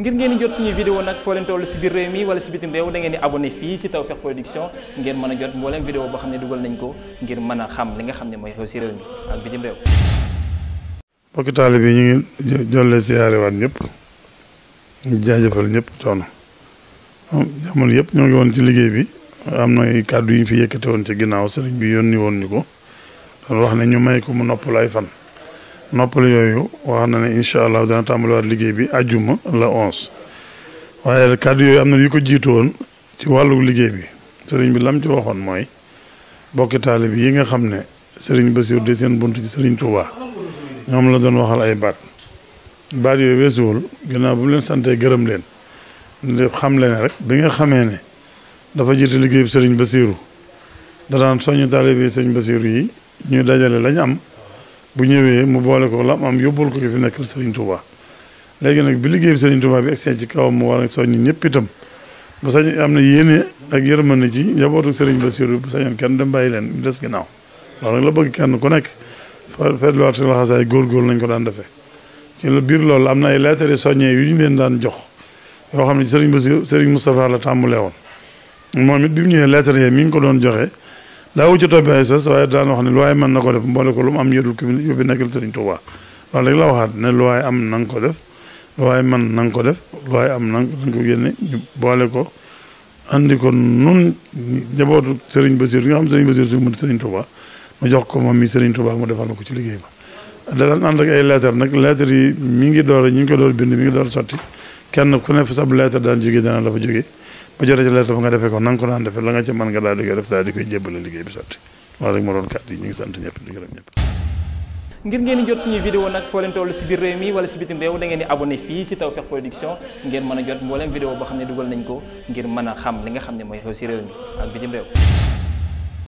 ngir ngeen di jot suñuy vidéo nag foo leen toll si biir réew mi wala si bitim réew da ngeen di abonné fii si Tawfekh Production ngeen mën a jot mbooleem vidéo boo xam ne dugal nañ ko ngir mën a xam li nga xam ne mooy xew si réew mi ak bitim réew bokki taalibe yi ñu ngi jolle siyaare waat ñëpp ñu jaajëfal ñëpp yëpp ñoo ngi woon ci liggéey bi am na kàddu yi ñu fi yëkkate woon ci ginnaaw sëriñ bi yónni woon ñu ko doon wax ne ñu may ko mu nopp lay fan noppal yooyu wax na ne incha allah dana tàmbaliwaat liggéey bi àjjuma la onze waaye kàddu yooyu am na yi ko jiitu woon ci wàllu liggéey bi sëriñ bi lam ci waxoon mooy bokki taalib yi nga xam ne sëriñ Basiru de seen bunt ci sëriñ Touba ñoom la doon waxal ay baat baat yooyu weesuwul ginnaaw bu leen santee gërëm leen di xam leen rek bi nga xamee ne dafa jiite liggéey bi sëriñ Basiru da daan soññu taalib yi sëriñ Basiru yi ñuy dajale lañ am bu ñëwee mu boole ko lam am yóbbul ko ki fi nekkal Serigne Touba léegi nag bi liggéey bi Serigne Touba bi egg ci kawam mu war a soññi ñëpp itam bu sañ am na yéene ak na ci njabootu Serigne Bassirou bu sañoon kenn dem bàyyi leen des ginnaaw loolu nag la bëgg kenn ku nekk fa fetluwaat si góor góor nañ ko daan defee. ci la biir loolu am na ay lettre soññee yu ñu leen daan jox yoo xam ne Serigne Bassirou Serigne Moustapha la tàmbalee woon moom it bi mu mi ngi ko doon joxe. daa wucca toppi ay sas waaye daan wax ne lu man na ko def mboole ko lu mu am yodul ko yóbbi nekkal sëriñ Tuubaa loolu la waxaat ne lu waay am nan nga ko def lu waay mën na nga ko def lu waay am na nga ko génne ñu boole ko andi ko nun jabootu sëriñ Basiir nga xam sëriñ Basiir su mu sëriñ Tuubaa mu jox ko moom mi sëriñ Tuubaa mu defal ko ci liggéey ma da daan ànd ak ay lettre nag lettre yi mi ngi door ñu ngi ko door bind mi ngi door sotti kenn ku ne fa sab lettre daan jógee dana la fa jógee bu jotee la nga defee ko na nga ko daan defee la nga ca mën nga daal di koy def daal di koy jébbale liggéey bi sotti loolu rek ma doon kàddu yi ñu ngi sant ñëpp ngir ngeen jot suñuy vidéo nag foo leen toll si biir réew mi wala si bitim réew da di abonné fii si Tawfekh Production ngeen mën a jot mbooleem vidéo boo xam ne dugal nañ ko ngir mën a xam li nga xam ne mooy xew si réew mi ak bitim réew